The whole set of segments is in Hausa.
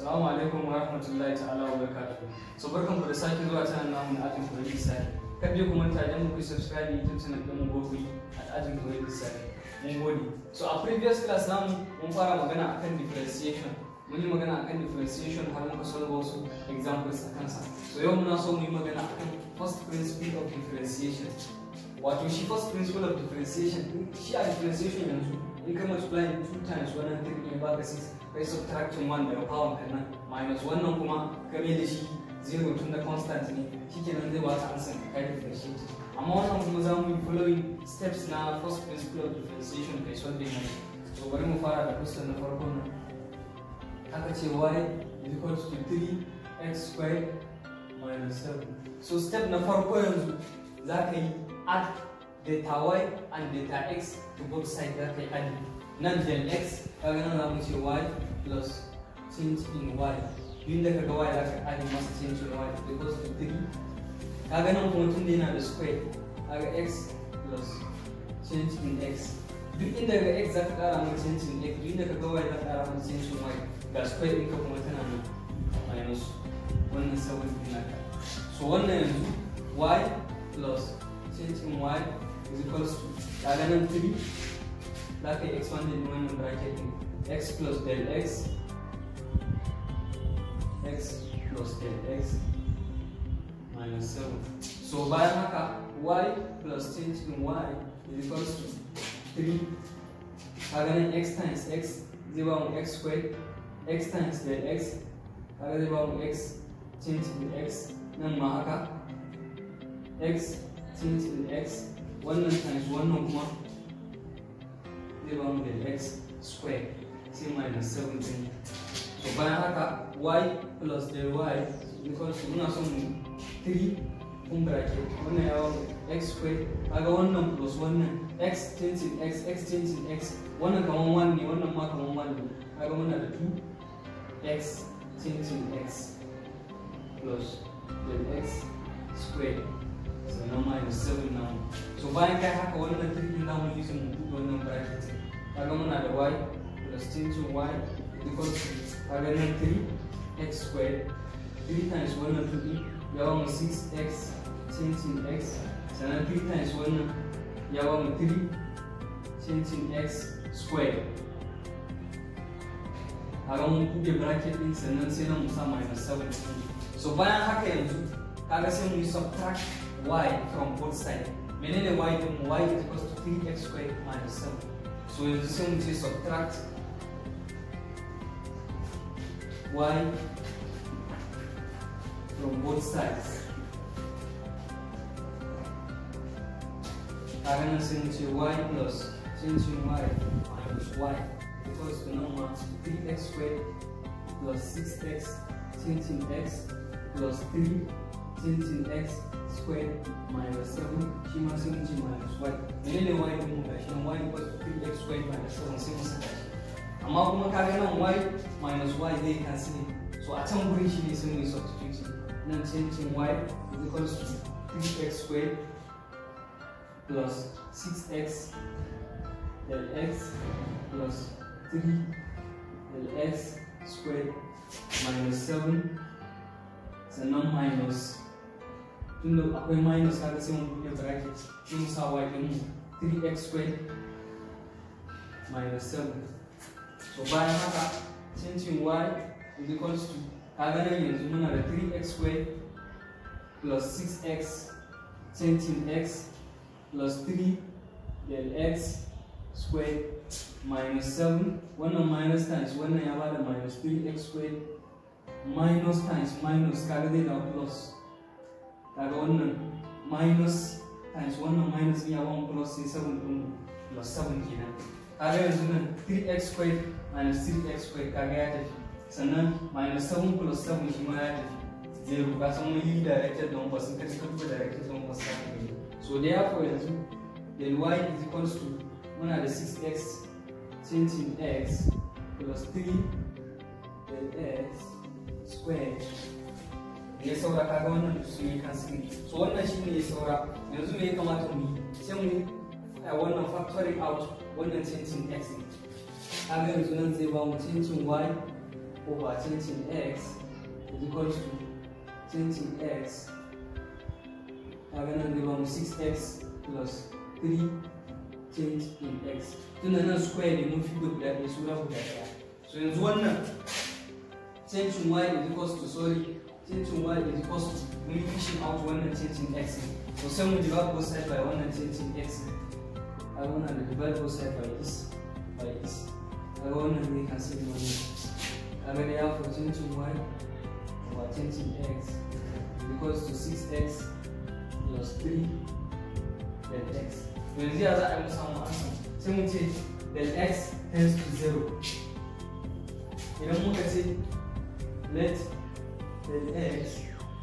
Assalamu alaikum wa rahmatullahi ta'ala wa barakatuhu. So barkan ku da sake zuwa channel namu na Ajin Kurani Sani. ta je kuma manta idan ku subscribe YouTube channel din mu at Ajin Kurani Sani. Mun gode. So a previous class namu mun fara magana akan differentiation. Mun yi magana akan differentiation har muka solve wasu examples akan sa. So yau muna so mu yi magana akan first principle of differentiation. Wato shi first principle of differentiation shi a differentiation yanzu in can multiply 2 times wannan 3 ne baka 6 kai subtracting 1 daga power ka nan minus wannan kuma ka da shi 0 tun da constant ne shikenan zai bata answer ka kai differentiate amma wannan kuma za mu yi following steps na first principle of differentiation kai solving nan so bari mu fara da question na farko nan aka ce y is equal to 3 x squared minus 7 so step na farko yanzu za ka yi add Data y and data x to both sides that they add x kaga nan y plus change in y yin da kaga y zaka masa change in y because to 3 kaga nan kuma tun da square x plus change in x duk inda ga x zaka kara change in x duk inda kaga y zaka change in y ga square ɗinka kuma tana one minus so one y plus change in y is equals to kaga nan 3 za ka yi expand one bracket x plus del x x plus del x minus 7 so bayan y plus change in y is equals to 3 kaga x times x zai ba x squared x times del x kaga x change in x nan ma x change in x wannan times wannan kuma zai ba mu da x square sai minus 17 so bayan haka y plus del y because muna son mu 3 kun bracket wannan ya wani x square kaga wannan plus wannan x changing x x changing x wannan kaman 1 ne wannan ma kaman 1 ne kaga muna da 2 x changing x plus del x square sannan da 7 namu so bayan kai haka wannan trikin namu yi sun mutu wannan bracket kaga muna da y plus changing y equals to kaga nan 3x squared 3 times wannan 2 ya ba mu 6x changing x sannan 3 times wannan ya ba mu 3 changing x squared kaga mun buɗe bracket din sannan sai na musa minus 7 so bayan haka yanzu kaga sai mu yi subtract y from both sides. Menene y din y is equals to 3x squared minus 7. So yanzu sai mu ce subtract y from both sides. A ranar to mu ce y plus sai mu ce y minus y equals to number 3x squared plus 6x, 10x plus 3, 10x squared minus 7 shi ma sai mu minus y menene y din mu gashi y equals to 3x squared minus 7 sai mu saka shi amma kuma ka ga nan y minus y zai cancel so a can gurin shi ne sai mu substitute nan changing y is equals to 3x squared plus 6x del x plus 3 del x squared minus 7 sannan minus tunda akwai minus kaga sai sa y ɗin 3x 7 so bayan haka canjin y is equals to kaga nan yanzu muna da 3x squared plus x 3 del 7 wannan minus times wannan ya bada minus 3x squared minus times minus kaga wannan minus times 1 minus ya 1 plus sai 7 ɗin plus 7 kenan kaga yanzu nan 3x squared minus 3x squared kaga ya tafi sannan minus 7 plus 7 shi ma ya tafi zero ka san mun yi directed don wasu ka cikin ku directed don wasu ka cikin so therefore yanzu del y is equals to muna da 6x changing x plus 3 del x squared Me ya saura ga wannan su yi sun so wannan shi ne ya saura yanzu me ya kamata mu yi sai mu wannan factory out wannan cincin x ne ga yanzu nan zai ba mu cincin y over cincin x is equal to cincin x ga nan zai ba mu 6x plus 3 change in x tunda nan square ne mun fi da guda ɗaya sura guda ɗaya so yanzu wannan changing y is equal to sorry titin y is equals to multiplication out wannan titin x So, to sai mu divide both side by wannan titin x. I want to divide both side by this by this a wannan ne kan sai wannan a ga ya fi titin y over titin x equals to 6x plus 3 then x When yanzu ya za a yi mu samu ansa x tends to 0 what I ce let then x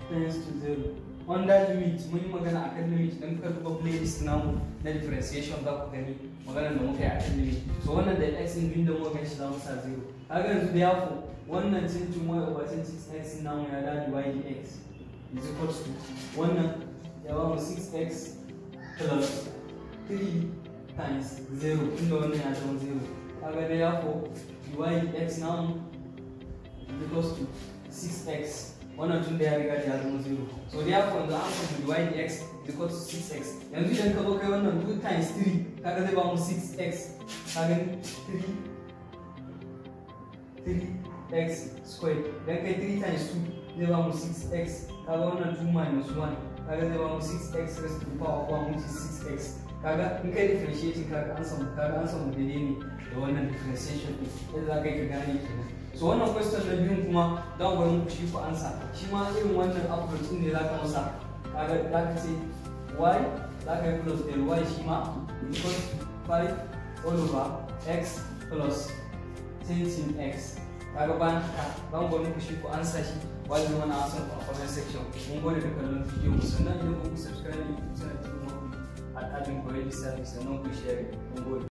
tends to 0 on that limit mun yi magana akan limit don ka duba playlist namu na differentiation za ku gani magana da muka yi akan limit so wannan del x din da muka shi za mu sa 0 kaga yanzu da yafo wannan cincin y over cincin x namu ya da divide x is equal to wannan ya ba mu 6x plus 3 times 0 inda wannan ya zama 0 kaga da yafo divide x namu is equal to 6x wannan tun da ya riga ya zama zero so therefore the answer to x is equal to x yanzu idan ka zo kai wannan two times 3 kaga zai ba mu six x kaga 3 three x squared idan kai three times two zai ba mu six x kaga wannan two minus 1 kaga zai ba mu six x raised to the power of 1 which is x kaga in kai differentiating kaga an samu kaga an samu ne da wannan differentiation din yadda za ka yi ka gane kenan so wannan question na biyun kuma za mu mu shi ku ansa shi ma irin wannan approach ne za ka masa kaga za ka ce y za ka yi plus del y shi ma equals 5 all over x plus 10 x kaga ban ka za mu mu shi ku ansa shi wajen wani asan ku a comment section mun gode da kallon video sannan idan ku subscribe ne sanar da atacam por ele que você não enxerga um gol